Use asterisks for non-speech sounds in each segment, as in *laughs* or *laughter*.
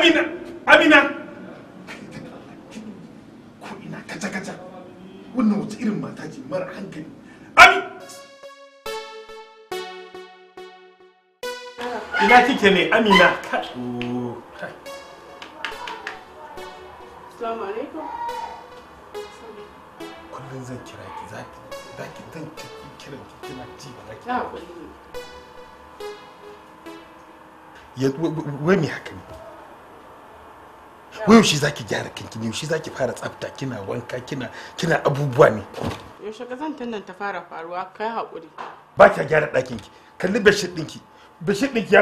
amina amina ko ina kaca kaca wannan wata irin mata ce mara hankali ami ina kike ne amina ka Assalamu alaikum. Kullum zan kira ki za ki za Wai me haka ne? yaushe za ki gyara kanki ne yaushe za ki fara tsafta kina wanka kina kina abubuwa ne yaushe zan nan ta fara faruwa kai haƙuri ba ki gyara ɗakin ki kalli bashir ɗinki bashir ɗinki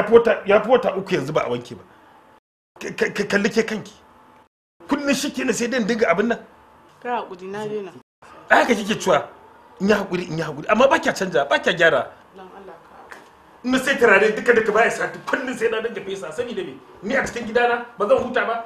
ya fi wata uku yanzu ba a wanke ba kalli ke kanki kullum shi ke na sai dai dinga abin nan kai haƙuri na daina haka kike cewa in yi haƙuri in yi haƙuri amma ba kya canja ba kya gyara na sai turare duka duka baya sati kullum sai na dinga sa sani da me ni a cikin gidana ba zan huta ba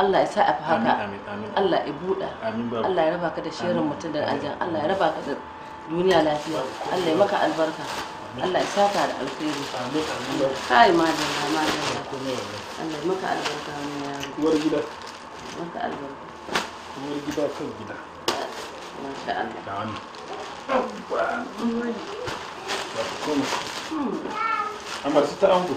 Allah ya sa a fi haka Allah ya buɗa Allah ya raba ka da shirin mutum da aljan Allah ya raba ka da duniya lafiya Allah ya maka albarka Allah ya ka da alkhairi kai madalla madalla Allah ya maka albarka ne ya uwar gida maka albarka uwar gida kan gida masha Allah da wani hmm. amma su ta ango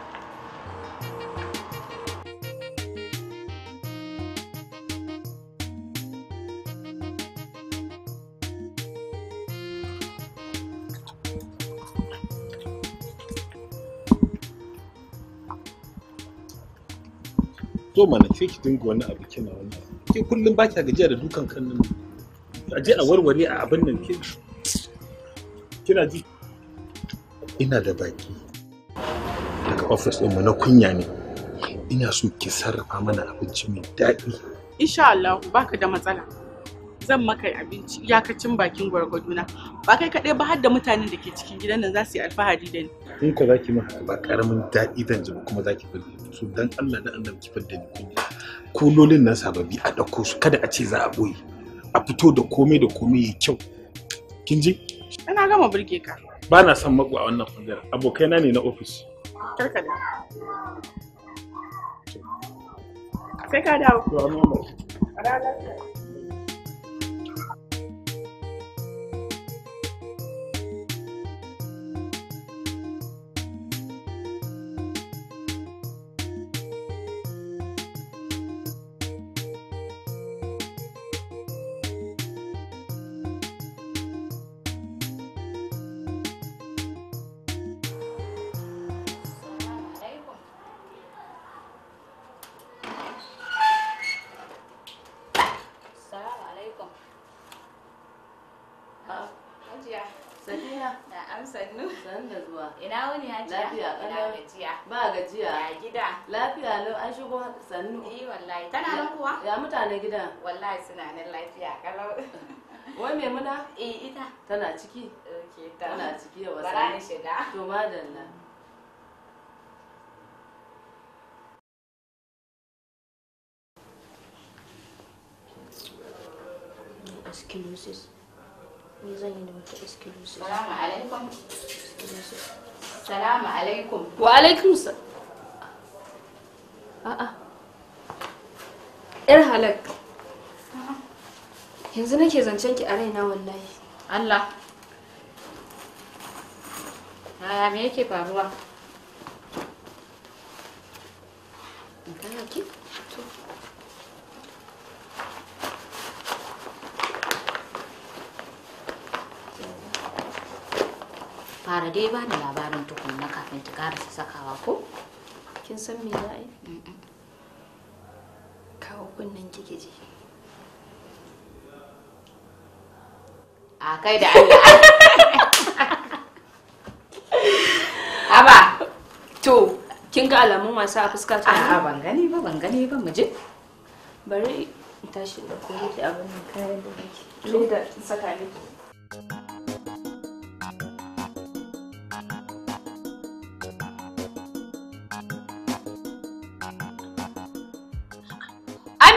to mana sai ki dinga wani abu kina wani abu ke kullum ba kya gajiya da dukan kan nan a je a warware a abin nan ke kina ji ina da baki daga ofis ɗinmu na kunya ne ina so ki sarrafa mana abinci mai daɗi insha Allah baka da matsala zan maka abinci iyakacin bakin gwargwadona ba kai kaɗai ba har da mutanen da ke cikin gidan nan za su yi alfahari da ni. in ka zaki ma ba karamin daɗi zan ji kuma zaki fidda su dan Allah da Allah ki fidda ni kunya kulolin nan sababi a ɗauko su kada a ce za a boye a fito da komai da komai yi kyau kin ji ana gama burge ka ba na son mako a wannan bangaren abokaina ne na ofis karka da sai ka dawo ranar da gidan wallahi suna nan lafiya kalau *laughs* wai muna? eh ita tana ciki Oke ta tana ciki ya wasa bara ni shiga to madalla esculosis ni zan yi da wata esculosis salamu alaikum salamu alaikum wa alaikum sa a'a yar halak yanzu nake zancen ki a raina wallahi Allah yaya me yake faruwa gaya ki to fara dai bani labarin tukunna kafin ki karasa sakawa ko kin san me za a yi wa kunnen kike ji a kai da Allah *laughs* haba to kin ga alamu masu a fuska ta a ban gani ba ban gani ba Muje. bari tashi da abin kayan da nake da saka miki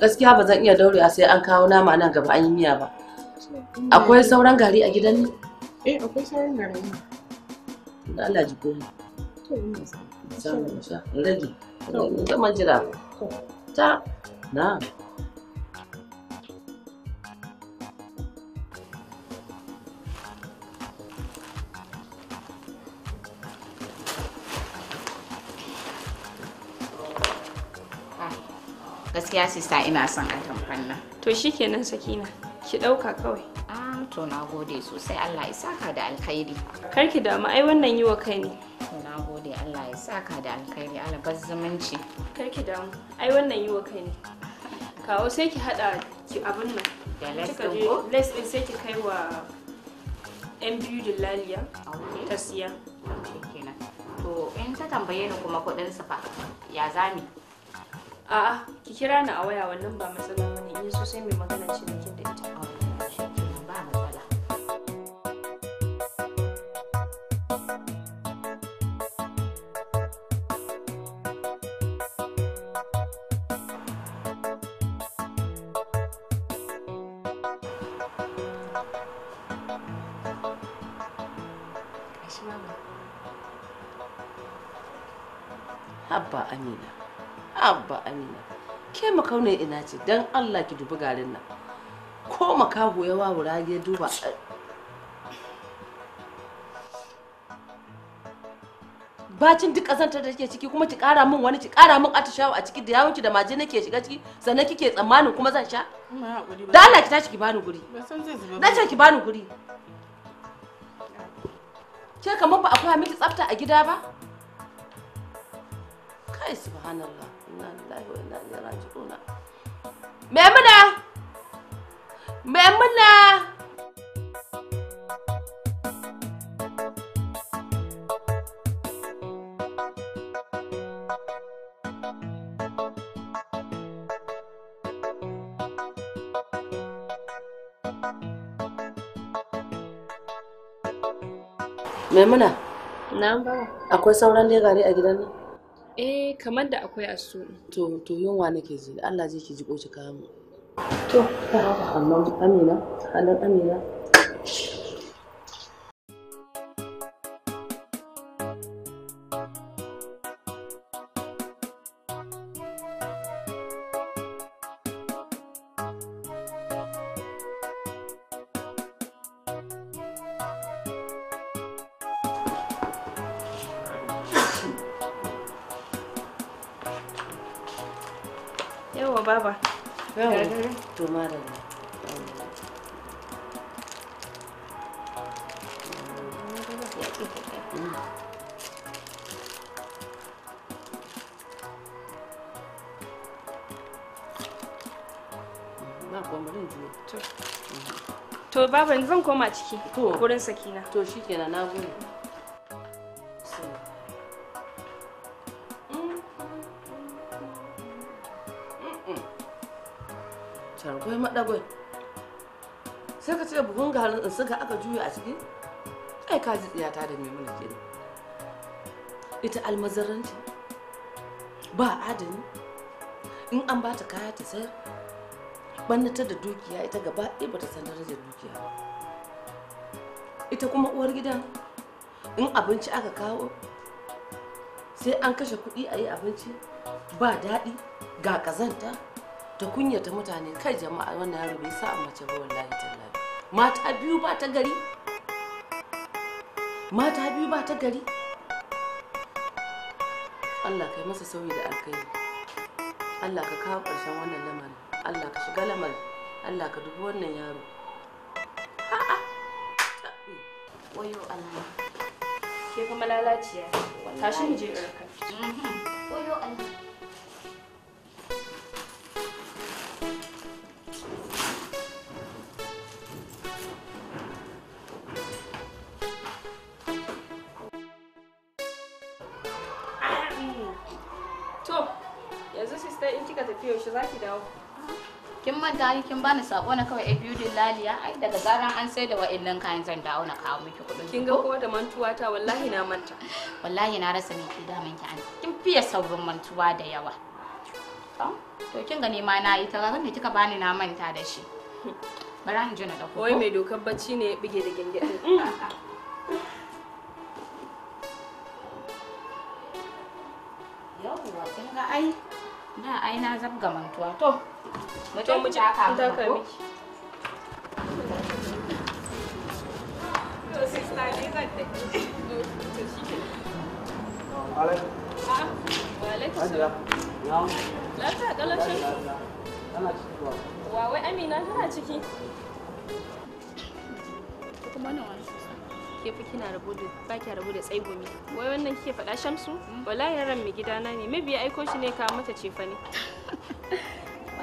gaskiya ba zan iya daurewa sai an kawo nama nan gaba an yi miya ba akwai sauran gari a gidan ne eh akwai sauran gari ne da Allah ji koma to ina sa rage ta na gaskiya sista ina son atamfan nan to shikenan sakina ki dauka kawai ah to gode sosai Allah ya saka da alkhairi Kar ki damu ai wannan yi wa kai ne to na gode Allah ya saka da alkhairi alabar zumunci ki damu ai wannan yi wa kai ne kawo sai ki hada ki abin nan da less din sai ki kai wa yan biyu laliya ta siya to in ta tambaye ni kuma kudin su fa ya zami a'a ki kira ni a waya wannan ba matsala bane in so sai mai magana ce da ita da ita ba matsala Abba Amina. Abba Amina. Ke makaune ina ce dan Allah ki dubi garin nan. Ko makaho ya wawura ya duba eh. bacin duk ƙazantar da take ciki kuma ki kara min wani ki kara min atishawa a ciki da yawon ki da maje nake shiga ciki sannan kike tsammanin kuma zan sha da Allah ki tashi ki bani guri na ce ki bani guri ke kamar ba akwai miki tsafta a gida ba kai subhanallah Maimuna! Maimuna! Maimuna. Na'am Akwai sauran legare a gidan nan? eh kamar da akwai a su to to yunwa nake ji Allah zai ki ji ko ki kawo to amma amina halin amina Yawa baba. Yawa. To To baba zan koma ciki wurin sakina. To shikenan na gode. gwai sai ka ce buhun garin in suka aka juya a ciki ai ka ji tsiyata da maimuna kenan ita almazaranci ba adani in an ba ta kaya ta sayar bannatar da dukiya ita gaba ɗaya ba ta san darajar dukiya ba ita kuma uwar gidan in abinci aka kawo sai an kashe kuɗi a yi abinci ba daɗi ga ƙazanta ta kunyata mutane kai jama'a wannan yaro bai sa a mace ba wallahi tallahi mata biyu ba ta gari mata biyu ba ta gari Allah kai masa sauyi da alkhairi Allah ka kawo ƙarshen wannan lamarin Allah ka shiga lamarin Allah ka dubi wannan yaro wayo Allah ke kuma lalaciya tashi mu je ɗarka wayo Allah gani kin bani sako na kawai ai eh, biyu laliya ai daga zaran an sai da wa'annan kayan zan dawo na kawo miki kudin kin ga ko da mantuwa ta wallahi na manta *laughs* wallahi na rasa miki ke damun ki an kin fiye saurin mantuwa da yawa to kin gani ma na yi ta ran da kika bani na manta da shi *laughs* bara in ji na dauko wai mai dokar bacci ne ya bige da gengede *laughs* mm. yawwa kin ga ai da ai na zabga mantuwa to Wajen mu taka miki. Wawai Amina tana ciki. Kuma ke fi kina rabu da ba rabu da wai wannan kike faɗa shamsu hmm. wallahi yaran mai gidana ne mabiya aiko shi ne ka mata cefa ne *laughs*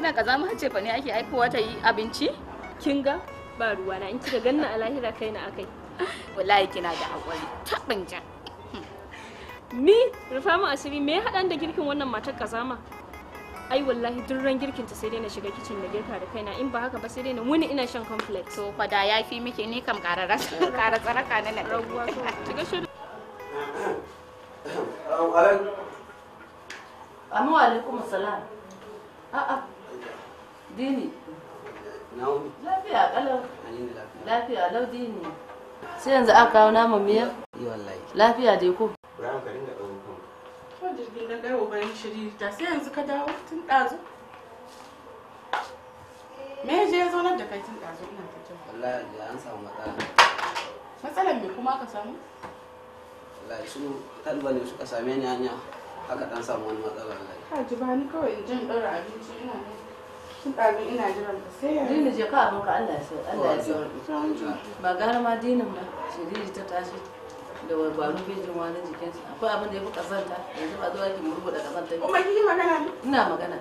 ina kaza mu hace fa ne ake aikowa ta yi abinci kin ga ba ruwa na in kika ganna a lahira kai na akai wallahi kina da hakuri tabin jan ni rufa mu asiri me ya hadan da girkin wannan matar kazama ai wallahi duk ran girkin ta sai dai na shiga kicin na girka da kaina in ba haka ba sai dai na muni ina shan complex to fa da yafi miki ni kam karara kara *laughs* tsaraka na na rabuwa to kiga shi Amma alaikum salam. A'a, Dini. Lafiya kalau. Alhamdulillah. Lafiya lau dini. Sai yanzu aka kawo naman miya? Yi wallahi. Lafiya dai ko? Ibrahim ka dinga ɗaukar kan. Ko jirgin ta sai ka dawo tun ɗazu. Me ya je ya zaunar da kai tun ɗazu ina fitar? Wallahi da an samu matsala. Matsalar me kuma ka samu? Wallahi su ɗaliba ne suka same ni hanya haka ɗan samu wani matsala wallahi. ji ba ni kawai in jin ɗora abinci ina ne. tun ina jiran ka sai dini je ka abin ka Allah ya so Allah ya so ba gara ma dinin ba ta tashi da barbaru bejin wani jikinsa akwai abin da ya fi kazanta yanzu ba zuwa ki murgu da kazanta kuma ki magana ina magana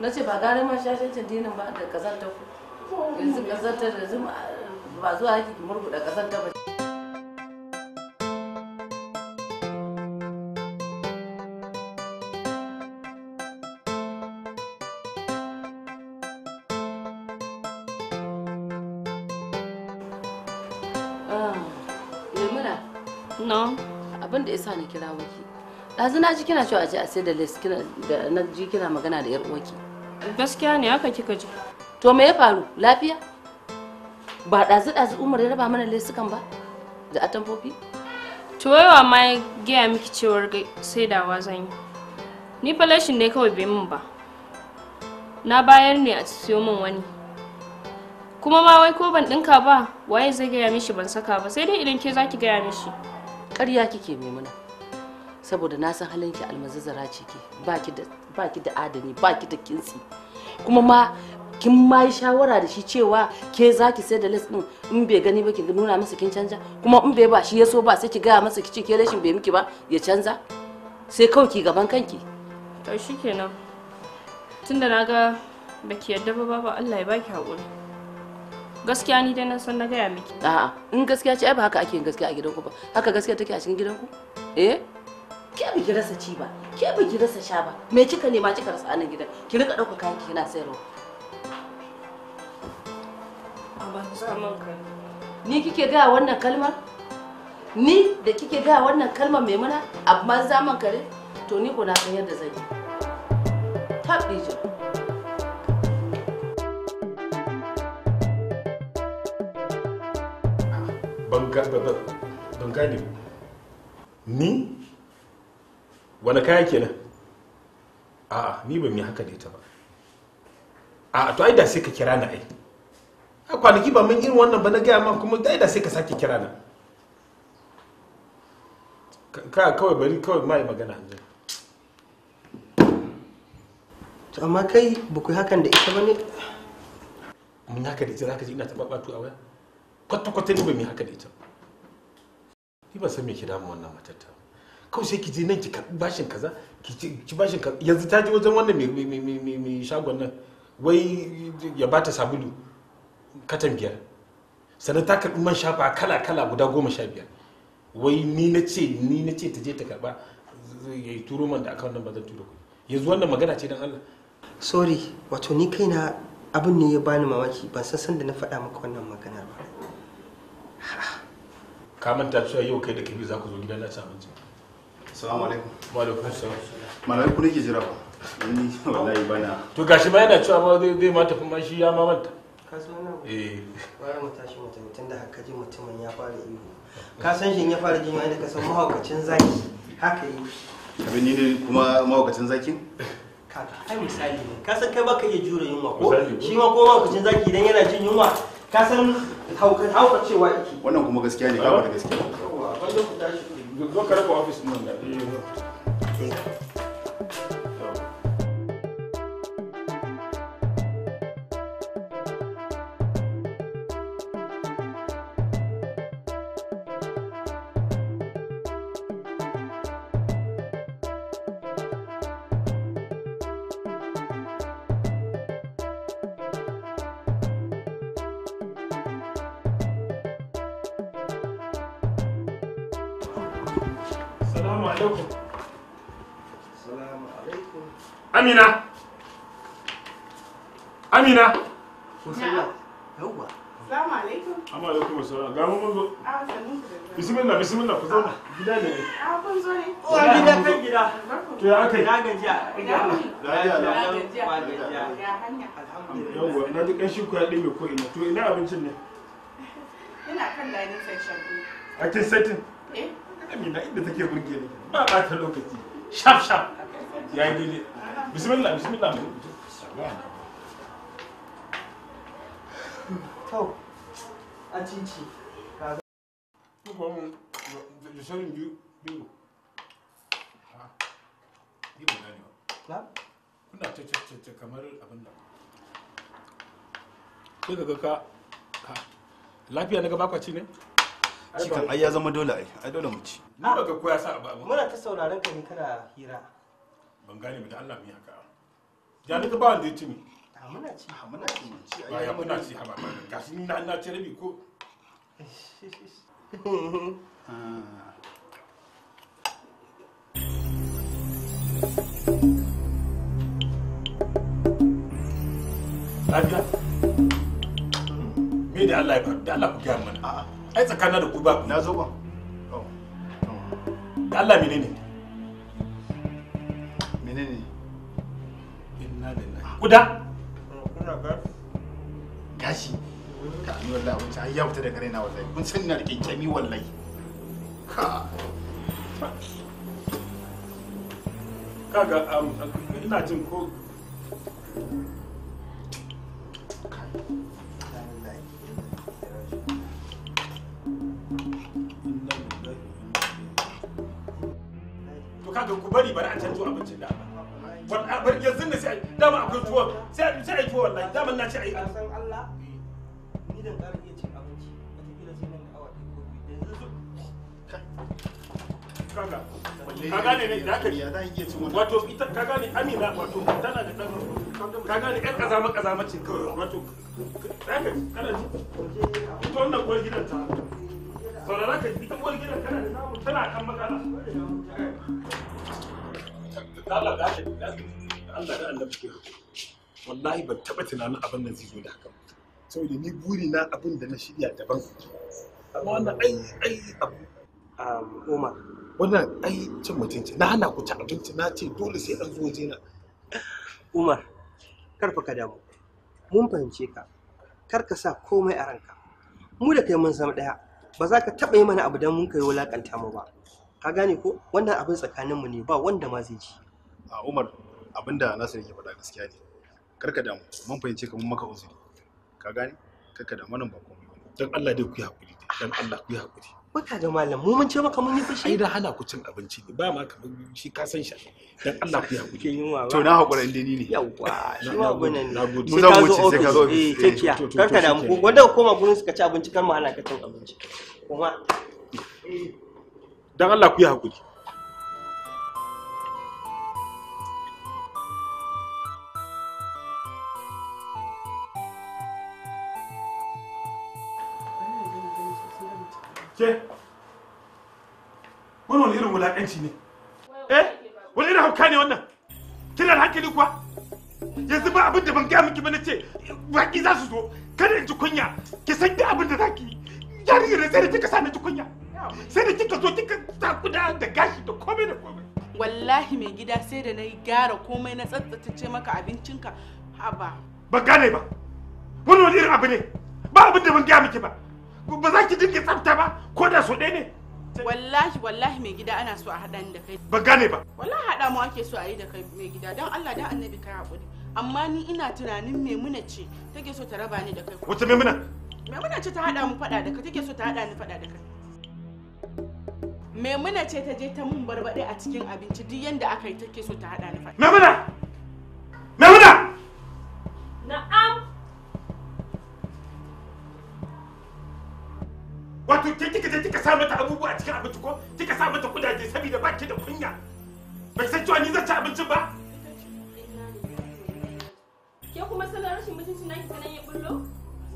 na ce ba gara ma shashancin dinin ba da kazanta ku yanzu kazanta da zuma ba zuwa ki murgu da kazanta ba sa ni kira waki ɗazu na ji kina cewa a a sai da les kina da na ji kina magana da yar uwaki gaskiya ne haka kika ji to me ya faru lafiya ba ɗazu ɗazu umar ya raba mana lesukan ba da atamfofi to yawa ma ya gaya miki cewar sai wa zan yi ni falashin ne kawai bai min ba na bayar ne a siyo min wani kuma ma wai ko ban ɗinka ba waye zai gaya mishi ban saka ba sai dai idan ke zaki gaya mishi ƙarya kike muna saboda na san halinki almazazzara ce ke ba ki da adani ba ki da kintsi kuma ma kin ma yi shawara da shi cewa ke za ki sai da les din in bai gani ba ki nuna masa kin canja kuma in bai ba shi ya so ba sai ki gaya masa ki ce ke rashin bai miki ba ya canza sai kawai ki gaban kanki to shikenan tunda na ga baki yadda ba ba Allah ya baki haƙuri Gaskiya ni dai na san na gaya miki. A'a, in gaskiya ce ai ba haka ake yin gaskiya a gidanku ba. Haka gaskiya take a cikin gidanku? Eh? Ke ba ki rasa ci ba, ke ba ki rasa sha ba. Me kika nema kika rasa anan gidan? Ki rika dauka kayan ki kina sayarwa. Ni kike ga wannan kalmar? Ni da kike ga wannan kalmar mai Abu amma zaman kare? To ni ko na san yadda zan yi. Tabijin. ban gane ni wani kaya kenan a'a ni ban yi haka da ba a to ai da sai ka kira na ai a kwanaki ba mun irin wannan ba na gaya ma kuma ai da sai ka sake kira na ka kawai bari kawai ma yi magana yanzu to amma kai ba ku hakan da ita ba ne mun haka da ita za ka ji ina taɓa ɓatu a waya kwata-kwata ne ba mu haka da ita ba ni ba san me ke damun wannan matar ta kawai sai ki je nan ki karbi bashin kaza ki bashin kaza yanzu ta je wajen wannan mai shagon nan wai ya bata sabulu katan biyar sannan ta karbi man shafa kala kala guda goma sha biyar wai ni na ce ni na ce ta je ta karba ya yi turo man da akawun nan ba zan turo kuɗi yanzu wannan magana ce don Allah sorry wato ni kaina abin ne ya bani mamaki ban san san da na faɗa maka wannan magana ba ka manta cewa yau kai da kabi za ku zo gidan na ci abinci salamu alaikum wa alaikum assalam malamai ku nake jira ba ni wallahi bana to gashi ma yana cewa ma zai ma tafi ma shi ya ma manta ka san nan eh wani mutashi mutum tunda haka ji mutumin ya fara ihu ka san shi ya fara jin ma da ka san mahaukacin zaki haka yi abin ni ne kuma mahaukacin zaki kaka ai misali ne ka san kai baka iya jure yunwa ko shi ma ko mahaukacin zaki idan yana jin yunwa ka san ka hauka cewa iki wannan kuma gaskiya ne ka da gaskiya yawa ban da ku tashi zo ka rufe office nan da eh, alaikum salamu alaikum amina amina yawwa salamu alaikum alaikum ah, ne ah, a to to a *laughs* burge na inda take burge ni ba ba ta lokaci shaf shaf ya yi bismillah bismillah to a ko mun da sharin biyu biyu ha ba ba kuna cece kamar abin da lafiya na gaba kwaci ne cikin ai ya zama dole ai dole mu ci ni baka koya sa ba muna ta sauraron ka ne kana hira ban gane mu da Allah mu haka ya ni ba wanda ya ci mi muna ci muna ci ci ba ya muna ci haba ba ga shi na ci rabi ko Lafiya? Me da Allah ya faru, da Allah ku gaya mana. A'a. Ai tsakanin da ku ba ku. Na zo ba. Allah menene menene inna lillahi kuda kuna ga gashi ka ni wallahi wacce ayya wata fita daga raina wallahi kun san ina da kyankyami wallahi ka kaga um, ina jin ko kaga ku bari bari a canjo abincin da bar yanzu ne sai dama akwai tuwo sai a ai tuwo wallahi dama na ci ai san Allah eh, ni da ƙara iya cin abinci wata kila sai nan da awa ɗaya ko biyu yanzu kaga ka gane ne da aka yi zan iya cin wato ita ka gane Amina wato tana da dan ka gane ƴan kazama kazama ce kawai wato zaka kana ji ita wannan uwar gidan ta saurara ka ita uwar gidan kana da namu tana kan matsala Allah ka Allah da Allah ke wallahi ban taba tunanin abin da zai zo da haka saboda ni buri na abin da na shirya daban amma wannan ai ai abu Umar wannan ai cin mutunci na hana ku ci abinci na ce dole sai an zo waje na Umar karfa ka damu mun fahimce ka kar ka sa komai a ranka mu da kai mun zama daya ba za ka taba yi mana abu dan mun kai wulakanta mu ba ka gane ko wannan abin tsakaninmu ne ba wanda ma zai ji a umar abinda nasir yake faɗa gaskiya ne karka damu mun ka mun maka uzuri ka gane karka damu nan ba komai dan Allah dai ku yi hakuri dan Allah ku yi hakuri baka ga malam mu mun ce maka mun yi fushi ai da hana ku cin abinci ba ma kamar shi ka san shi dan Allah ku yi hakuri to na hakura inda ni ne yawa shi ma gunan na gode mun zan wuce sai ka zo eh, eh takiya karka damu ko wanda ku koma gurin suka ci abinci kan ma hana ka cin abinci kuma dan Allah ku yi hakuri ke wani wani irin wulaƙanci ne eh wani irin hauka ne wannan kina da hankali kuwa yanzu ba abin da ban gaya miki ba na ce baki za su zo kada in ji kunya ki san da abin da za ki yi yarinyar sai da kika sa na ji kunya sai da kika zo kika takuda da gashi da komai da komai wallahi mai gida sai da na yi gyara komai na tsatsace maka abincinka haba ba gane ba wani wani irin abu ne ba abin da ban gaya miki ba ba za ki dinga tsafta ba ko da so ɗaya ne wallahi wallahi mai gida ana so a haɗa ni da kai ba gane ba wallahi haɗa mu ake so a yi da kai mai gida don Allah dan annabi kai haƙuri amma ni ina tunanin maimuna ce take so ta raba ni da kai wace maimuna maimuna ce ta haɗa mu faɗa da kai take so ta haɗa ni faɗa da kai maimuna ce ta je ta mun barbaɗe a cikin abinci duk yanda aka yi take so ta haɗa ni faɗa maimuna maimuna na'am wato ke kika je kika sa mata abubuwa a cikin abinci ko kika sa mata kudaje saboda baki da kunya bai san cewa ni zan ci abincin ba ke kuma sanar rashin mutunci na ki nan ya bullo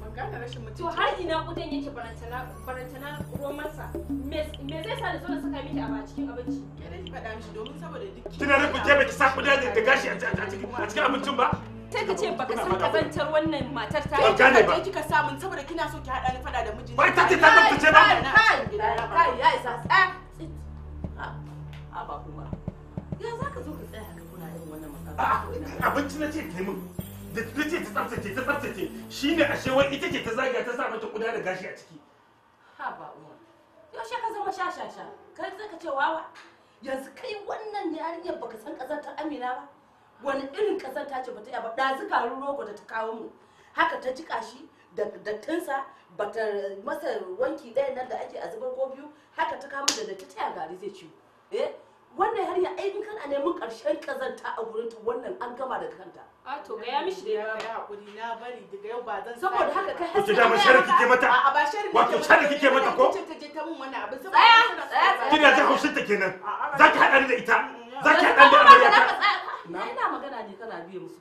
magana rashin mutunci to har ina kudin yake barantana barantana romansa me me zai sa da zo da saka miki a cikin abinci ke ki faɗa mishi domin saboda duk kina rubuce kuke ki sa kudaje da gashi a cikin abincin ba Kai ka ce baka san kazantar wannan matar ta yi kika kai kika sa mun saboda kina so ki hada ni fada da mijin. Ba ta ce ta tafi ce Kai kai ya isa A eh, ba kuma. Ya za ka zo ka tsaya kuna wannan matsala. Ah, abinci na ce kai mun. Da ta ce ta tsaftace ta tsaftace ashe wai ita ce ta ta sa mata kuda da gashi a ciki. Ha ba umar. Yaushe ka zama sha sha sha. Kai sai ka ce wawa. Yanzu kai wannan yarinyar baka san kazantar Amina ba. wani irin kasar ta ce ba yaba ɗazu karun rogo da ta kawo mu haka ta jika shi da dattinsa ta masa wanki ɗaya nan da ake a zubar ko biyu haka ta kama da datti taya gari zai ciwo eh wannan har ya aikin kan a neman ƙarshen kazanta a gurin ta wannan an gama da kanta a to ga ya mishi da ya hakuri na bari daga yau ba zan saboda haka kai haske da bashar kike mata a bashar wato kike mata ko ta je ta mun wannan abin saboda kina ta haushin ta kenan zaka hada da ita za ki haɗa da amarya ta na ina magana ne kana biye musu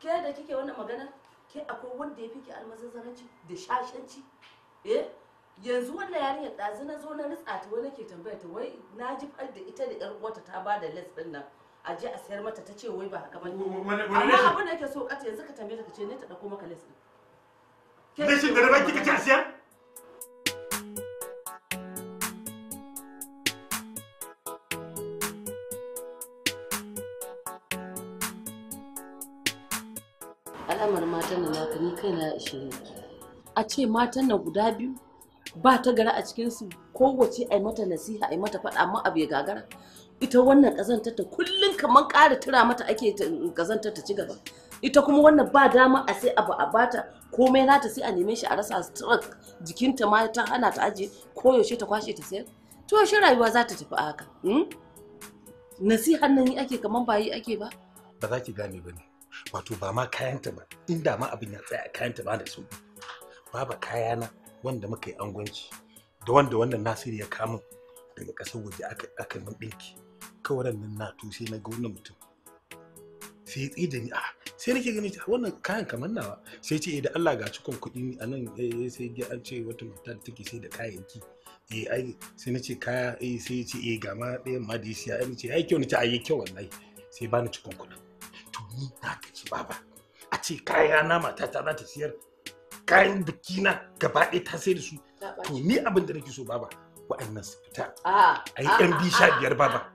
ke da kike wannan magana ke akwai wanda ya fike almazazzaranci da shashanci eh yanzu wannan yarinyar ɗazu na zo na ritsa ta wani ke tambaya ta wai na ji da ita da 'yar uwarta ta ba da les ɗin nan a je a sayar mata ta ce wai ba haka ba amma abin da yake so kata yanzu ka tambaye ta ka ce ne ta ɗauko maka les ɗin. Rashin da rabar kika ce a siyar? kaina ya a ce matan nan guda biyu ba ta gara a cikinsu kowace ai mata nasiha ai mata faɗa amma abu ya gagara ita wannan kazantar ta kullum kamar ƙara tura mata ake ƙazantar ta ci gaba ita kuma wannan ba dama a sai abu a bata komai nata sai a neme shi a rasa struck jikinta ma ta hana ta aje ko yaushe ta kwashe ta sayar to shi rayuwa za ta tafi haka hmm? nasihan nan yi ake kamar ba yi ake ba ba za ki gane ba ne wato ba ma kayanta ba inda ma abin ya tsaya kayanta ba da su babu kayana wanda muka yi angwanci da wanda wannan nasiru ya kamun daga ƙasar waje aka min ɗinki kawai nan na to sai na ga wannan mutum sai ya tsida ni ah sai nake gani wannan kayan kamar nawa sai ce eh, da Allah ga cikon kuɗi a nan eh, eh, sai ya an ce wata mata da take sai da kayanki eh ai sai na kaya eh sai ya ce eh ga ma ɗayan ma da ya siya ai ce ai kyau ni ta ai kyau wallahi sai bani cikon kuɗin ni na gaji baba a ce kayan na mata ta za ta siyar kayan biki na gaba ɗaya ta sai da su to ni abin da nake so baba wa'annan su fita a yi yan bi sha biyar baba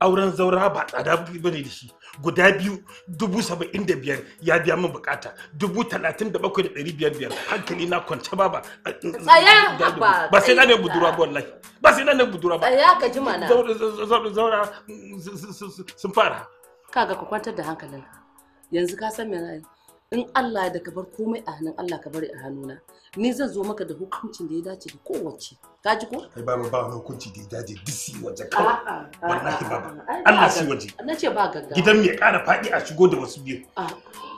auren zaura ba tsada ba ne da shi guda biyu dubu saba'in da biyar ya biya min bukata dubu talatin da bakwai da ɗari biyar biyar hankali na kwanta baba ba sai na ne budurwa ba wallahi ba sai na ne budurwa ba ya ka jima na zaura sun fara kaga ka kwantar da hankalinka yanzu ka san me in Allah da ka bar komai a hannun Allah ka bari a hannuna ni zan zo maka da hukuncin da ya dace da kowace kaji ko kai baba ba hukunci da ya dace disi waje ka wallahi baba Allah si waje na ce ba gaggawa gidan mai kara faɗi a shigo da wasu biyu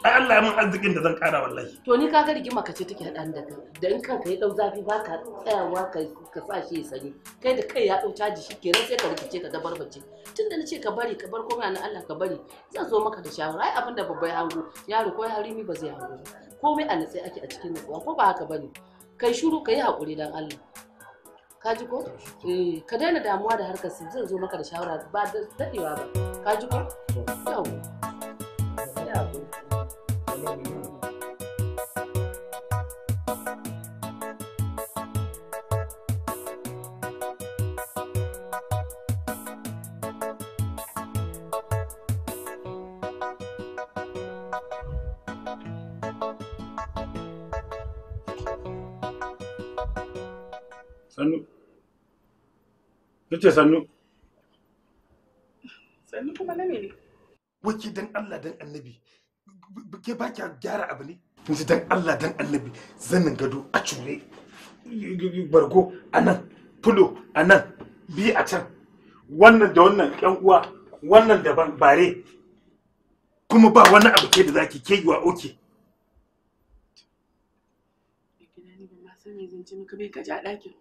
ai Allah ya min arzikin da zan kara wallahi to ni kaga rigima ka ce take hadan da da in kanka ya dau zafi ba ka tsayawa ka ka sa shi ya sani kai da kai ya dau caji shi kenan sai ka rikice ka bace tunda na ce ka bari ka bar komai na Allah ka bari zan zo maka da shawara ai abinda babbai hango yaro ko harimi ba zai hango ba komai a natsai ake a cikin nutsuwa ko ba haka bane kai shuru kai hakuri dan Allah ka ji ko eh, ka daina damuwa da harkar su zan zo maka da shawara ba da dadewa ba ka ji ko yau ya sannu nace sannu sannu kuma na ne wake dan Allah dan annabi ke ba kya gyara abu ne yanzu dan Allah dan annabi zanin gado a cure bargo a nan fulo a nan bi a can wannan da wannan yan uwa wannan daban bare kuma ba wani abu ke da zaki ke yiwa oke ka bai ka ɗakin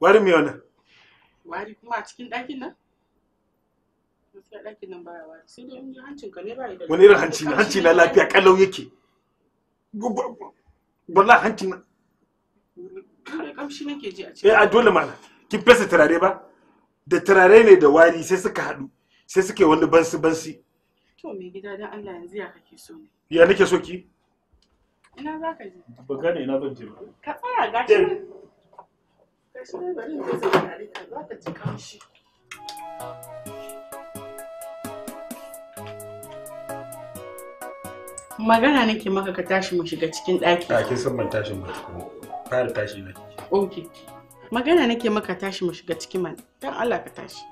Wari me wannan? Wari kuma a cikin ɗakin nan? Gaskiya ɗakin nan baya wari. Sai dai in hancin ka ne ba da. Wani irin hanci na hanci na lafiya kalau yake. Wallahi hanci na. Kamshi nake ji a cikin. Eh a dole mana. Kin fesa turare ba? Da turare ne da wari sai suka haɗu. Sai suka yi wani bansi bansi. To mai gida don Allah yanzu ya kake so ne. Ya nake so ki? Ina za ka je? Ba gane ina zan je ba. Ka tsaya ga shi. Ga shi bari in zai tare ka za ka ci kamshi. Magana nake maka ka tashi mu shiga cikin ɗaki. A kin san ban tashi ba. Fara tashi na. Okay. Magana nake maka tashi mu shiga cikin man. Dan Allah ka tashi.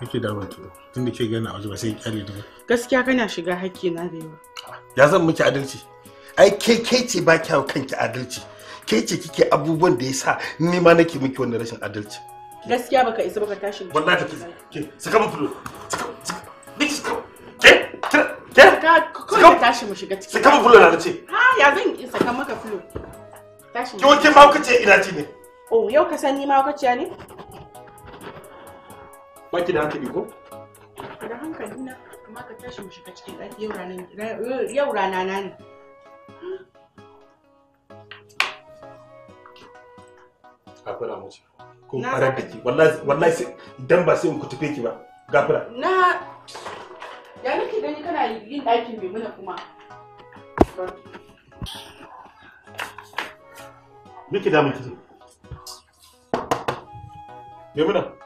yake da wato tun da ke gani a waje ba sai kyale da gaskiya kana shiga hakki na da yawa ya zan miki adalci ai ke ke ce ba kyau kanki adalci ke ce kike abubuwan da yasa ni ma nake miki wannan rashin adalci gaskiya baka isa baka tashi wallahi ke saka mu fulo ke ke ka tashi mu shiga ciki saka mu fulo na ce ha ya zan isa saka maka fulo tashi ki wuce ma ce ina ci ne oh yau ka san ni ma kaciya ne baki da hankali ko da hankali na amma ka tashi mu shiga cikin ɗaki yau ranan yau rana na ne gafara mace kun farar da ki wallahi sai idan ba sai in ku tafe ki ba gafara na ya nake gani kana yin ɗakin mai muna kuma Miki da damun kizo. Maimuna.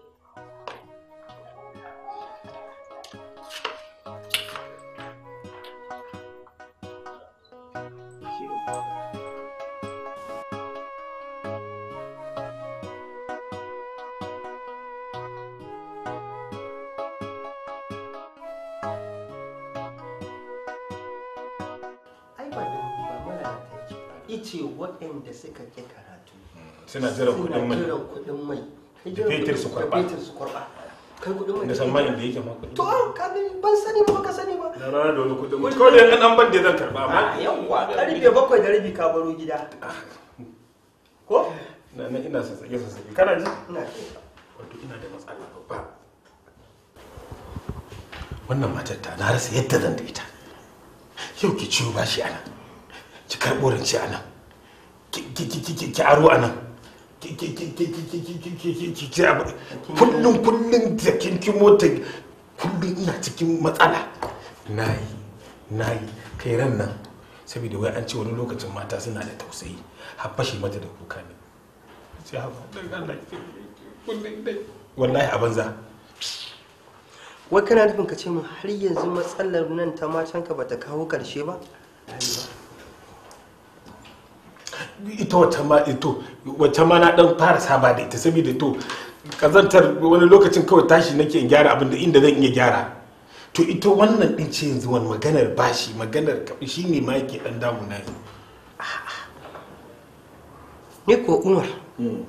suka ƙi karatu mm, suna jiran mai jiran mai su karɓa fetur su karɓa kai mai da inda yake ma to ka ban sani ba ka sani ba na rana da wani kuɗin mai da ah, bakwai da rabi ka baro gida ko na na ina kana ji ina wato ina da matsala babba wannan matar ta na rasa yadda zan da ita yau ki ciwo bashi a nan ki karɓo rance a ki aro a nan kullum kullum da kinkin mota kullum ina cikin matsala na yi na yi kai nan saboda an ce wani lokacin mata suna da tausayi mata da kuka ne wallahi a banza wai kana nufin ka ce har yanzu matsalar nan ta matanka bata kawo karshe ba ita wata ma ito wacce ma na dan fara saba da ita saboda to kazantar wani lokacin kawai tashi nake in gyara abin da inda zan iya gyara to ita wannan din ce yanzu wani maganar bashi maganar kafin shine ma yake dan damu na yi. ni ko umar mm.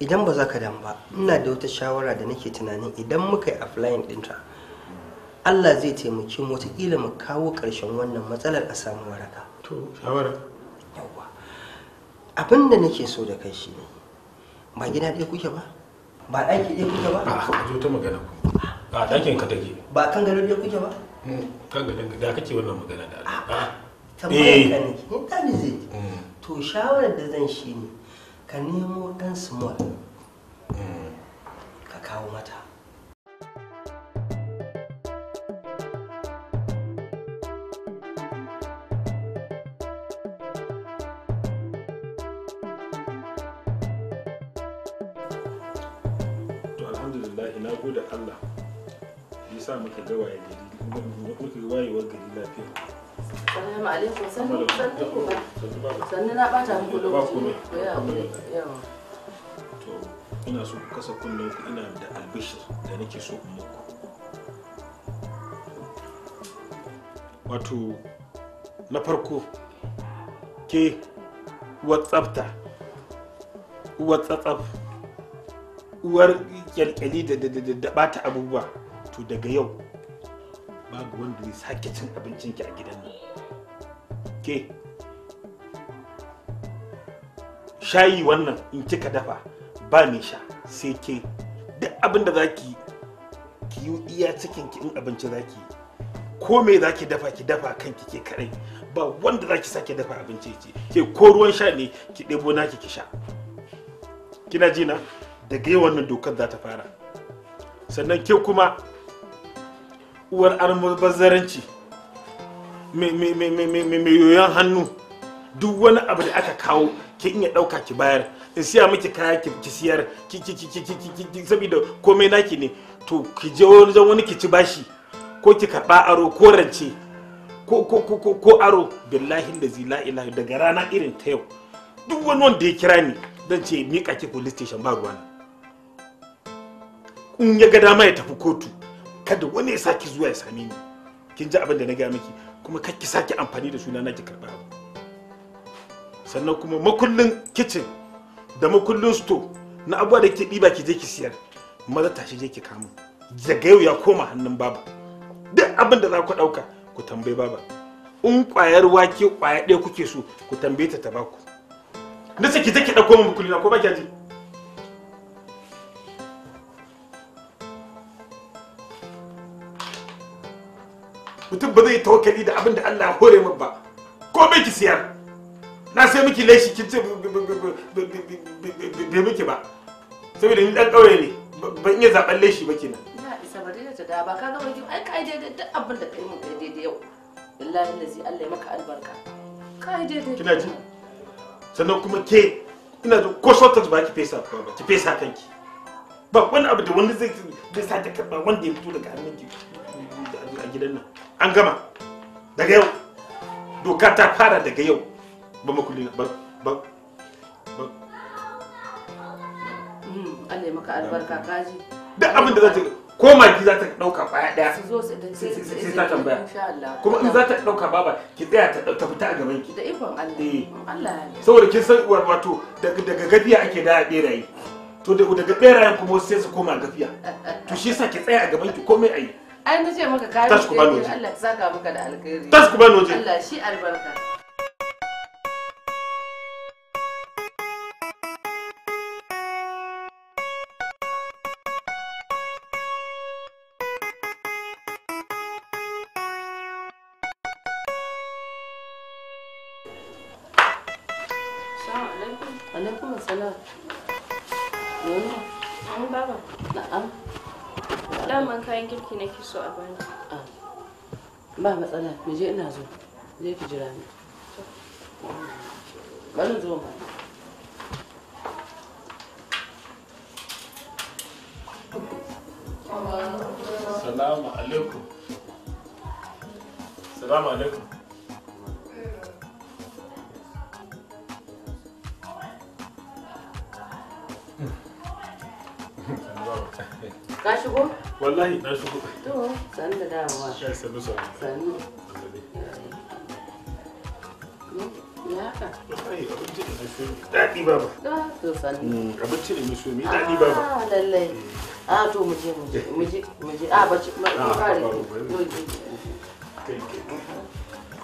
idan ba za ka dan ba ina da wata shawara da nake tunanin idan muka yi offline dinta Allah zai taimake mu wataƙila mu kawo ƙarshen wannan matsalar a samu waraka. To, shawara. abin da nake so da kai shi ne ba gida ɗaya kuke ba ba ɗaki ɗaya kuke ba a zo ta magana ku ba ɗakin ka take ba kan gado ɗaya kuke ba hmm, kan gadon da kake wannan magana da Allah eh ni ne in ta zai hmm. to shawarar da zan shi ne ka nemo dan small hmm. ka kawo mata ta wayewar gari lafiya alaikum sannu sannu sannu na bata muku lokaci to ina so ku kasa ku ina da albishir da nake so ku muku wato na farko ke uwar tsafta uwar tsatsaf uwar kyalkyali da bata abubuwa to daga yau babu wanda ya sake cin abincinki a gidan nan ke shayi wannan in kika dafa ba mai sha sai ke duk abin da za ki yi iya cikinki in abinci za ki ko me za ki dafa ki dafa kanki ke kadai ba wanda za ki sake dafa abinci ce ke ko ruwan sha ne ki ɗebo naki ki sha kina ji na daga yau wannan dokar za ta fara sannan ke kuma uwar almubazzaranci mai yoyon hannu duk wani abu da aka kawo ki iya ɗauka ki bayar in siya miki kaya ki siyar saboda komai naki ne to ki je wajen wani ki ci bashi ko ki karɓa aro ko rance ko ko ko aro billahi da zila ilahi daga rana irin ta yau duk wani wanda ya kira ni zan ce mika ki police station ba in ya ga dama ya tafi kotu kada wani ya saki zuwa ya same ni kin ji abin da na gaya miki kuma kar saki amfani da suna ki karɓa sannan kuma makullin kitchen da makullin store na abuwa da ke ɗiba ki je ki siyar maza tashi je ki kamo daga yau ya koma hannun baba duk abin da za ku ɗauka ku tambayi baba in ƙwayar wake ƙwaya ɗaya kuke so ku tambaye ta ta baku na ki je ki ɗauko min makullina ko ba ki ji mutum ba zai tawakkali da abin da Allah ya hore min ba ko bai ki siyar na sai miki laishi kin ce bai miki ba saboda ni dan kauye ne ban iya zaben laishi ba kenan ina isa ba dai ta da ba ka ga wani ai kai dai duk abin da kai mun kai dai yau wallahi lazi Allah ya maka albarka kai dai dai kina ji sannan kuma ke ina da ko shortage ba ki fesa ba ki fesa kanki ba wani abu da wani zai zai sake karba wanda ya fito daga hannunki a gidan nan an gama daga yau doka ta fara daga yau ba makulli ba ba ba hmm, Allah ya maka albarka kaji duk abin da za ta ko magi za ta dauka baya daya su zo su sai ta tambaya kuma in za ta dauka baba ki tsaya ta ta fita a gaban ki da ikon Allah eh. Allah saboda kin san uwar wato daga gafiya ake da yi. to daga berayen kuma sai su koma gafiya *laughs* to shi yasa ki tsaya a gaban ki komai ayi an ta ce maka kare Allah ya saka maka da alkhairi tas ku bani waje Allah shi albarka kayan girki nake so a bani ah, ba matsala mu je ina zo Je ki jira ni bari zo ma Salamu alaikum. Salamu alaikum. Ka shigo? Wallahi na shigo. To, sani da dawowa. Kai sani sani. abinci da na so daɗi baba. Mm, da, to da ah, lallai. Mm. Ah, to mu je mu je mu je mu je. Ah,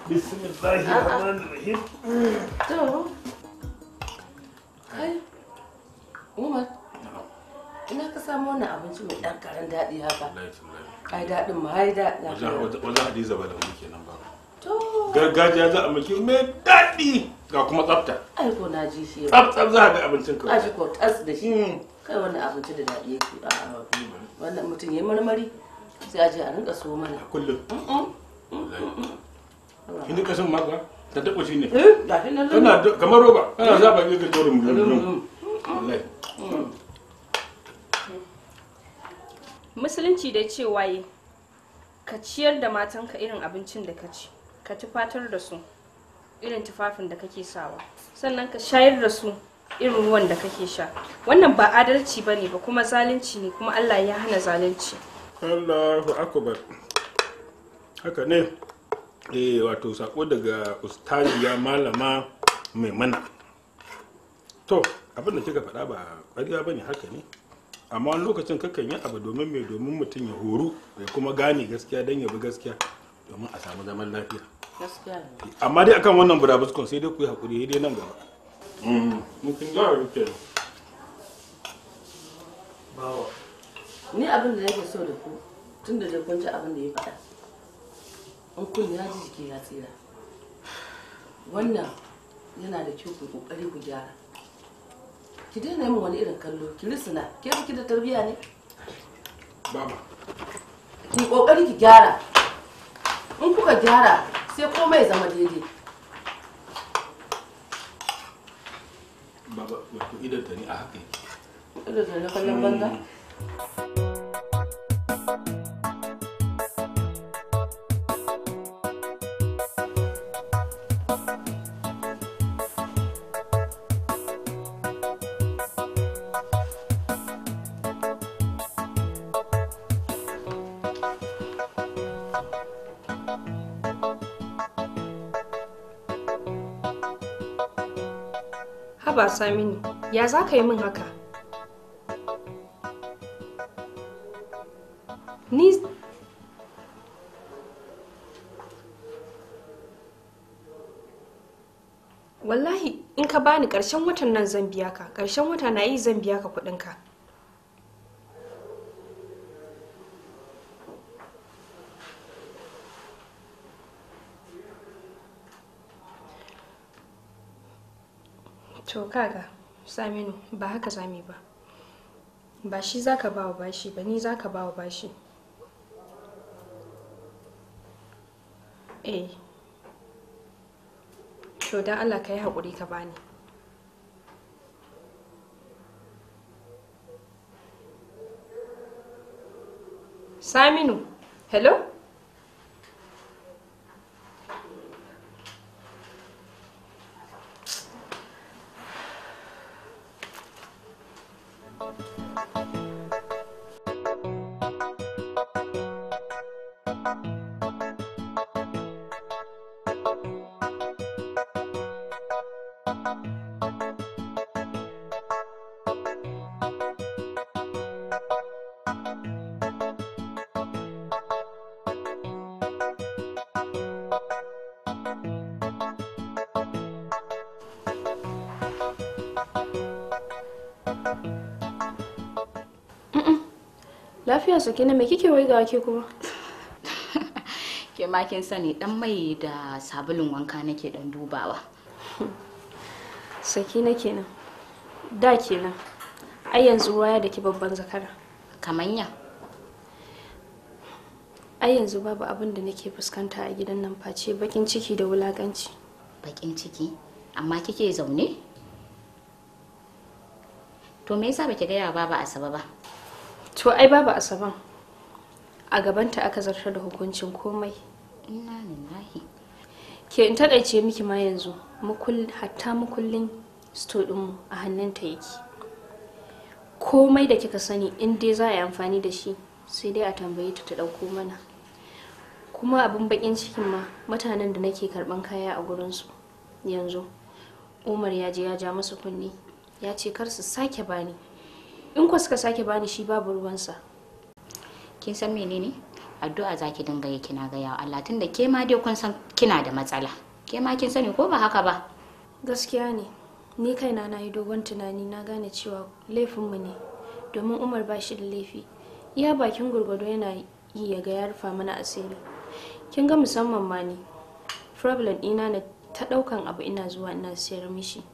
Bismillahirrahmanirrahim. To. ɗan karan daɗi haka ai daɗin ma ai daɗin wajen hadiza ba da nan ba gargajiya za a miki mai daɗi ga kuma tsafta ai ko na ji shi za a ga abincin kawai ai ko tas da shi hmm. kai wannan abinci da daɗi yake a wannan mutum ya marmari sai a je a rinka so mana kullum mm, mm, mm, kin dinka son maka ta taɓa shi ne kana eh, kamar roba kana zaba ga jorin wallahi musulunci dai ce waye ka ciyar da matanka irin abincin da ka ci ka tufatar da su irin tufafin da kake sawa sannan ka shayar da su irin ruwan da kake sha wannan ba adalci ba ne ba kuma zalunci ne kuma Allah ya hana zalunci Allahu akbar haka ne eh wato sako daga ustaziya malama mai mana to abin da kika faɗa ba ƙarya bane haka ne amma wani lokacin kakan yi abu domin mai domin mutum ya horu ya kuma gane gaskiya don ya bi gaskiya domin a samu zaman lafiya amma dai akan wannan burabuskon sai dai ku yi hakuri dai nan gaba mutum ya rufe bawa ni abin da nake so da ku tun da da kun ji abin da ya faɗa an kun ya ji jiki ya tsira wannan yana da kyau ku kokari ku gyara ki daina yin wani irin kallo ki risina ke ki da tarbiya ne baba ki kokari ki gyara in kuka gyara sai komai zama daidai baba wato idan ta ne a haka idan ta ne kallon banza hmm. wasa mini, ya za ka yi min haka? Ni Wallahi in ka bani ƙarshen watan nan zan biya ka, karshen wata na yi zan biya ka ka to kaga saminu ba haka zami ba ba shi za ka ba wa bashi ba ni za ka ba wa bashi eh to da allah ka yi haƙuri ka bani saminu hello Thank you. lafiya su kenan me kike waigawa ke kuma *laughs* ke ma kin sani dan mai da sabulun wanka nake dan dubawa sakina kenan da kenan ai yanzu waya da ki babban zakara kamanya ai yanzu babu abin da nake fuskanta a gidan nan face bakin ciki da wulakanci bakin ciki amma kike zaune to me yasa baki gaya baba asaba ba to ai babu asaban a gabanta aka zartar da hukuncin komai ina lillahi ke in taɗaice miki ma yanzu hatta mukullin sto ɗinmu a hannunta yake komai da kika sani in dai za a yi amfani da shi sai dai a tambaye ta ta ɗauko mana kuma abin bakin cikin ma mutanen da nake karɓan kaya a gurinsu yanzu umar ya je ya ja musu kunne ya ce kar su sake bani in ku suka sake bani shi babu ruwansa kin san menene addu'a zaki dinga yi kina ga yawa Allah tunda ke ma dai kun san kina da matsala ke ma kin sani ko ba haka ba gaskiya ne ni kaina na yi dogon tunani na gane cewa laifinmu ne domin umar ba shi da laifi iya bakin gurgudu yana yi ya ga ya rufa mana asiri kin ga musamman ma ni problem ɗina na ta daukan abu ina zuwa ina siyar mishi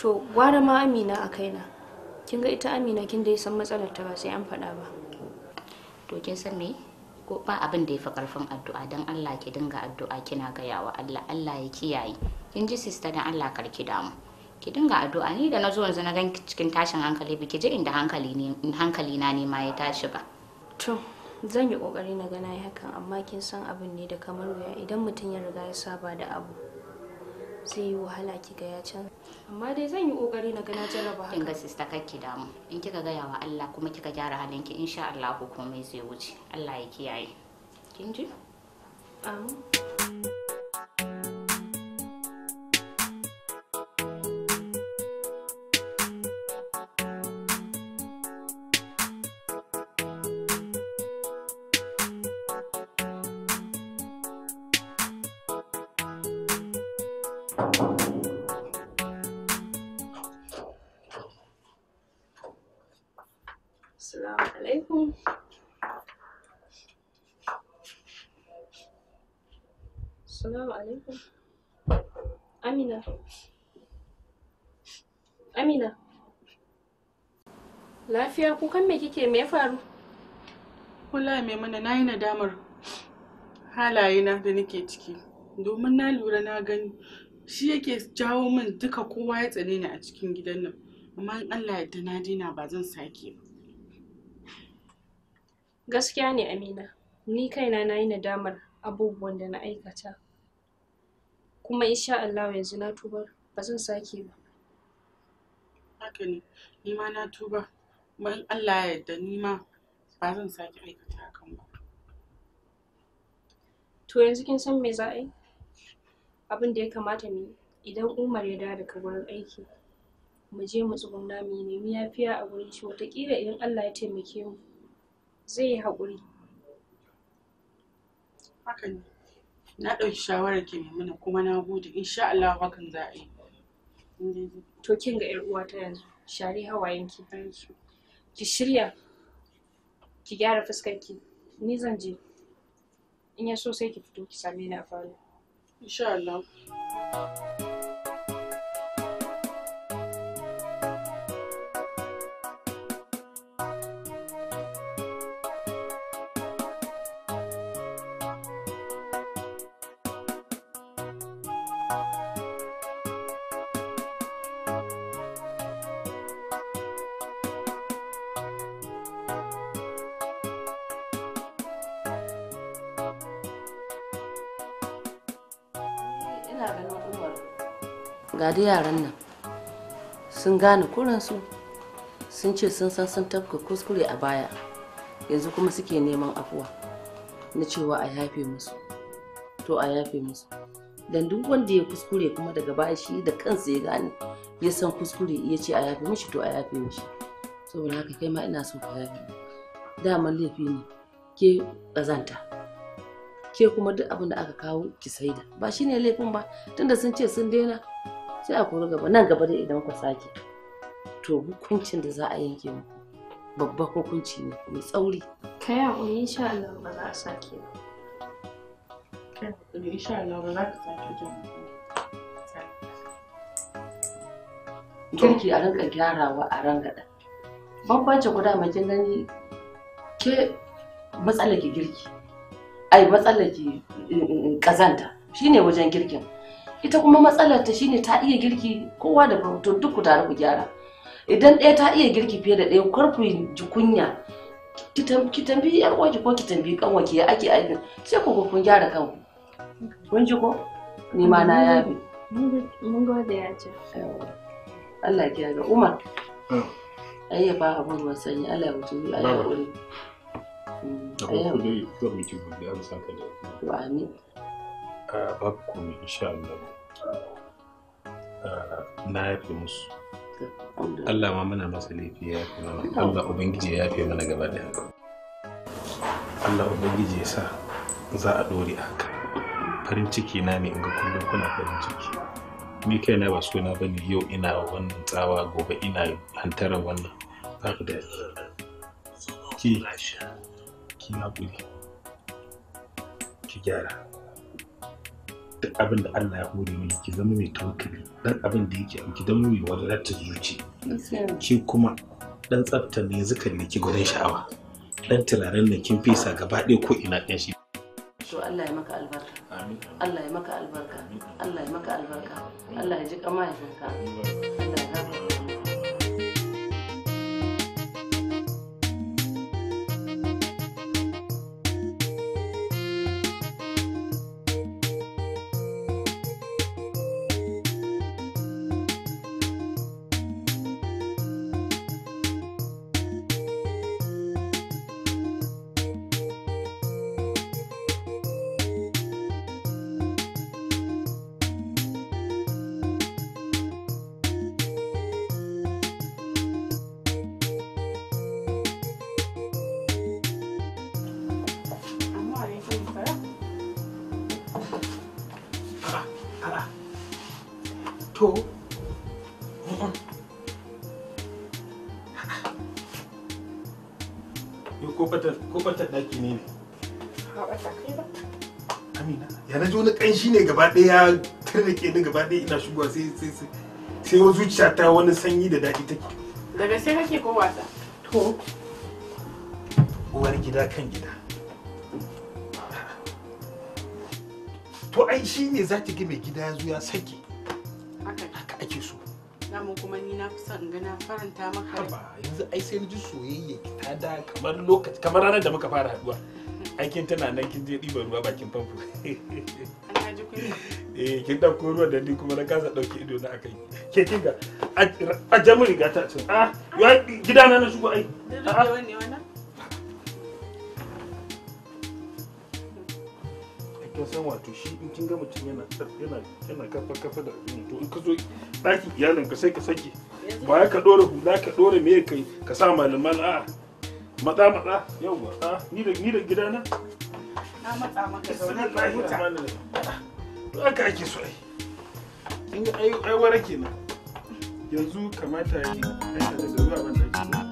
to gwara ma amina a kaina kin ga ita amina kin dai san matsalar ta ba sai an faɗa ba to kin san me ko ba abin da ya fi karfin addu'a don allah ki dinga addu'a kina gaya wa allah allah ya kiyaye kin ji sista don allah karki damu ki dinga addu'a ni da na zo yanzu na gan cikin tashin hankali biki ji inda hankali na ne ma ya tashi ba to zan yi kokari na gana hakan amma kin san abin ne da kamar wuya idan mutum ya riga ya saba da abu zai yi wahala ki ga ya canza amma dai zan yi kokari na ga na jarraba haka kinga sista ki damu in kika ga yawa Allah kuma kika gyara halin ki insha Allah komai zai wuce Allah ya kiyaye kin ji amin Assalamu Amina. Amina. Lafiya kukan me kike me ya faru? Wallahi mai mana nayi nadamar halayena da nake ciki. Domin na lura na gani shi yake jawo min duka kowa ya tsane ni a cikin gidan nan amma in Allah ya na dina ba zan sake ba gaskiya ne Amina ni kaina na yi nadamar abubuwan da na aikata kuma insha Allah yanzu na tuba ba zan sake ba haka ne ni ma na tuba kuma in Allah ya yarda ni ma ba zan sake aikata hakan ba to yanzu kin san me za a yi abin da ya kamata mu idan Umar ya dawo daga wurin aiki mu je mu tsugunna mu nemi yafiya a gurin shi wataƙila idan Allah ya taimake mu zai yi haƙuri. Haka ne, na ɗauki shawarar ki mana kuma na gode insha Allah hakan za a yi. To kin ga ‘yar ta yanzu share hawayen ki. Ki shirya ki gyara fuskar ki ni zan je in ya so sai ki fito ki same ni a falo. Inshallah. da yaran nan sun gane kuransu sun ce sun san sun tafka kuskure a baya yanzu kuma suke neman afuwa na cewa a yafe musu to a yafe musu dan duk wanda ya kuskure kuma daga baya shi da kansa ya gane ya san kuskure ya ce a yafe mishi to a yafe mishi saboda haka kai ma ina so ka yafe daman laifi ne ke ƙazanta ke kuma duk abin da aka kawo ki saida ba shine laifin ba tunda sun ce sun daina sai a kori gaba nan gaba da idan ku sake to hukuncin da za a yanke muku babban hukunci ne mai tsauri ka yi haƙuri insha Allah ba za a sake ba kai haƙuri insha Allah ba za ka sake jin girki a rinka gyarawa a rangada bambancin guda mai kin gani ke matsalar ki girki ai matsalar ki kazanta eh, eh, eh, shine wajen girkin ita kuma matsalar ta shine ta iya girki kowa da to duk ku tare ku gyara idan ɗaya ta iya girki fiye da ɗaya kar ku ji kunya ki tambi yar uwanki ko ki tambi kanwa ke ake aiki sai ku kun gyara kanku kun ji ko ni ma na ya bi mun gode ya ce Allah ya kiyaye Umar mm. ai ya ba abun ruwan sanyi Allah ya mutu Allah ya kore Amin. Ah, babu komai insha Allah ah, na yafe musu Allah ma muna masa laifi ya yafe mana Allah ubangiji ya yafe mana gaba ɗaya Allah ubangiji ya sa za a dore haka farin ciki na ne in ga kullum kuna farin ciki ni kai na ba suna ne yau ina wannan tsawa gobe ina hantarar wannan ba da ki ki haƙuri ki gyara duk abin da Allah ya hore mini ki zama mai tawakkali dan abin da yake ki zama mai ta zuci ki kuma dan tsafta ne zikari ne ki gurin sha'awa dan turaren nan kin fesa gaba ɗaya ko ina ɗan shi to Allah ya maka albarka Allah ya maka albarka Allah ya maka albarka Allah ya ji kama ya shanka to ko fatar daki ne ne amina ya na ji wani ƙanshi ne gaba ɗaya tarrake ni gaba ɗaya ina shigowa sai sai sai sai wa zuciya ta wani sanyi da daɗi take daga sai kake ko wasa to uwar gida kan gida to ai shi ne za ta ga gida ya zo ya sake faranta maka ba yanzu ai sai ji soyayya ta da kamar lokaci kamar ranar da muka fara haduwa aikin tana nan kin je ɗiban ruwa bakin famfo eh kin ɗauko ruwa da ni kuma na kasa ɗauke ido na akai ke kin ga a jamu riga ta cin ah gida na na shigo ah, ah. ai kin san wato shi in kin ga mutum yana yana kafa kafa da abin in ka zo ɗakin iyalinka sai ka sake wa ya ka dora hula ka dora me kai ka sa malaman a matsa mata yauwa a ni da ni da gidana na mata maka zaune ka huta to aka ake so ai in ga ai ai wara kenan yanzu kamata yi ai da zuwa ban da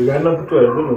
Gana fito yanzu mu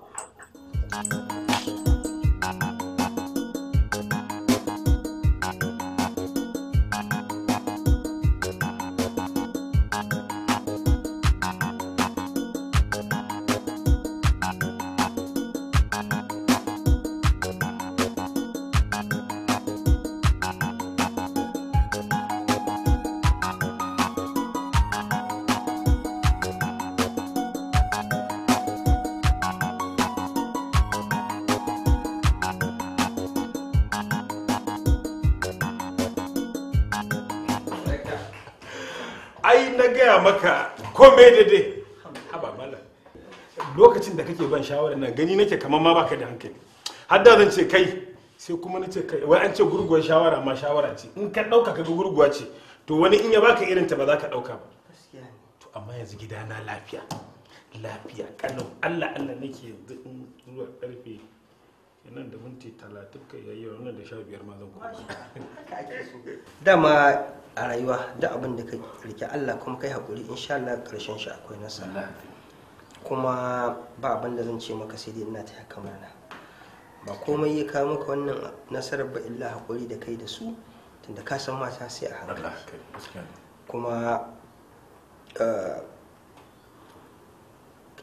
ko me daidai haba mala lokacin da kake ban shawara na gani nake kamar ma baka da hankali har da zan ce kai sai kuma na ce kai wai an ce gurguwar shawara ma shawara ce in ka dauka kaga gurguwa ce to wani in ya baka irin ta ba za ka dauka ba to amma yanzu gidana lafiya lafiya kalau Allah Allah nake yanzu in zuwa karfe nan da minti talatin ka yayi wannan da sha biyar ma zan dama a rayuwa da abin da ka rike Allah kuma kai hakuri insha Allah ƙarshen shi akwai nasara kuma ba abin da zan ce maka sai dai ina taya kamar na ba komai ya kawo maka wannan nasarar ba illa hakuri da kai da su tunda ka san mata sai a hankali kuma eh,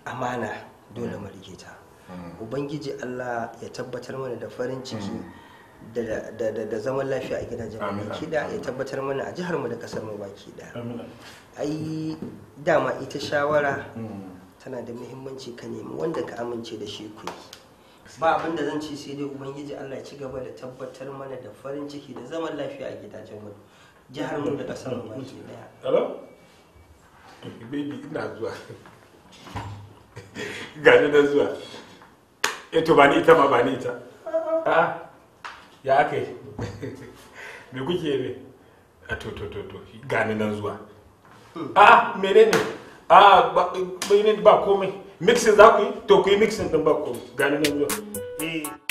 amana dole mu ta Mm. ubangiji allah ya tabbatar mana da farin ciki mm. da zaman lafiya a gidajen mu da, ya tabbatar mana a jihar mu da kasar mu baki da ai dama ita shawara mm. tana da muhimmanci ka nemi wanda ka amince da shi ku yi ba abin da zan ci sai dai ubangiji allah ya ci gaba da tabbatar mana da farin ciki da zaman lafiya a gidajen mu jihar mu da kasar mu baki daya hello baby ina zuwa *laughs* zuwa e to ba ni ita ma ba ni ita ah, ya aka yi *laughs* me kuke ne a ah, to to to to gani nan zuwa a ne a ba komai mixin za ku yi to ku yi mixin din ba komai gani nan zuwa eh